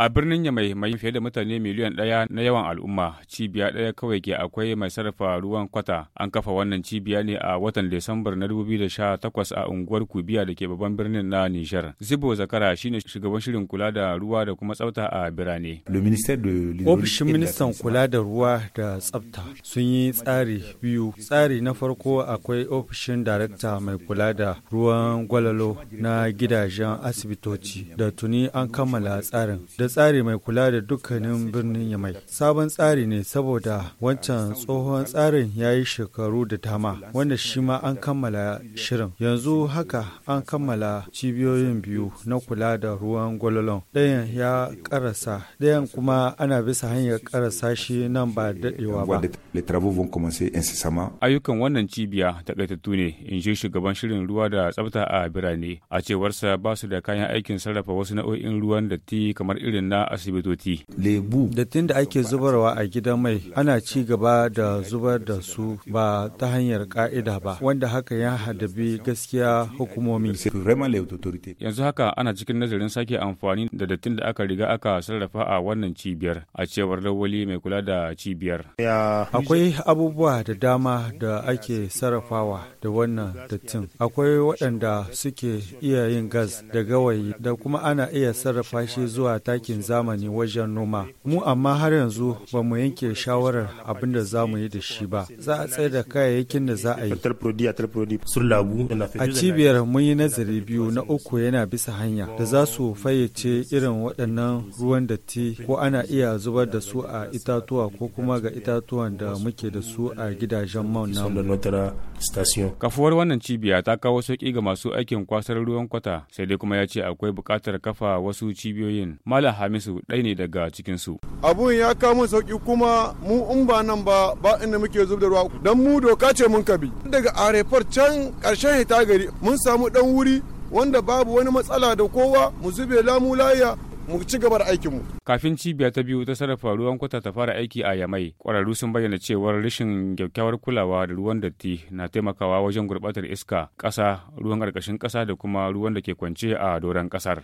A birnin Yamai mai fiye da mutane miliyan ɗaya na yawan al'umma, cibiya ɗaya kawai ke akwai mai sarrafa ruwan kwata. An kafa wannan cibiya ne a watan Desambar na 2018 a unguwar Kubiya da ke babban birnin na Nijar. Zibo Zakara shine shugaban shirin kula da ruwa da kuma tsafta a birane. Ofishin ministan kula da ruwa da tsabta sun yi tsari biyu. Tsari na farko akwai ofishin darakta mai kula da ruwan gwalalo na gidajen asibitoci da tuni an kammala tsarin. tsari mai kula da dukkanin birnin Yamai. Sabon tsari ne saboda wancan tsohon tsarin ya yi shekaru da dama, wanda shi ma an kammala shirin. Yanzu haka an kammala cibiyoyin biyu na kula da ruwan gwalolon. Ɗayan ya karasa, ɗayan kuma ana bisa hanyar karasa shi nan ba daɗewa ba. Ayyukan wannan cibiya takaitattu ne, in ji shugaban shirin ruwa da tsafta a birane. A cewarsa ba su da kayan aikin sarrafa wasu nau'o'in ruwan datti kamar irin irin na asibitoci. Lebu. Dattin da ake zubarwa a gidan mai ana ci gaba da zubar da su ba ta hanyar ka'ida ba wanda haka ya hadabi gaskiya hukumomi. Yanzu haka ana cikin nazarin sake amfani da dattin da aka riga aka sarrafa a wannan cibiyar a cewar lawali mai kula da cibiyar. Akwai abubuwa da dama da ake sarrafawa da wannan dattin. Akwai waɗanda suke iya yin gas da gawayi da kuma ana iya sarrafa shi zuwa taki aikin zamani wajen noma. Mu amma har yanzu ba mu yanke shawarar abin da za mu yi da shi ba. Za a tsaye da kayayyakin da za a yi. A cibiyar mun yi nazari biyu na uku yana bisa hanya da za su fayyace irin waɗannan ruwan datti ko ana iya zubar da su a itatuwa ko kuma ga itatuwan da muke da su a gidajen man Kafuwar wannan cibiya ta kawo sauƙi ga masu aikin kwasar ruwan kwata sai dai kuma ya ce akwai buƙatar kafa wasu cibiyoyin. Malam hamisu ɗai ne daga cikinsu. abun ya kamun sauki kuma mu in ba nan ba ba inda muke zub da ruwa don mu doka ce mun kabi daga arefar can ƙarshen hita gari mun samu ɗan wuri wanda babu wani matsala da kowa mu zube lamu laya mu ci gaba da aikinmu. Kafin cibiya ta biyu ta sarrafa ruwan kwata ta fara aiki a Yamai, kwararru sun bayyana cewar rashin kyakkyawar kulawa da ruwan datti na taimakawa wajen gurɓatar iska, ƙasa, ruwan ƙarƙashin ƙasa da kuma ruwan da ke kwance a doron ƙasar.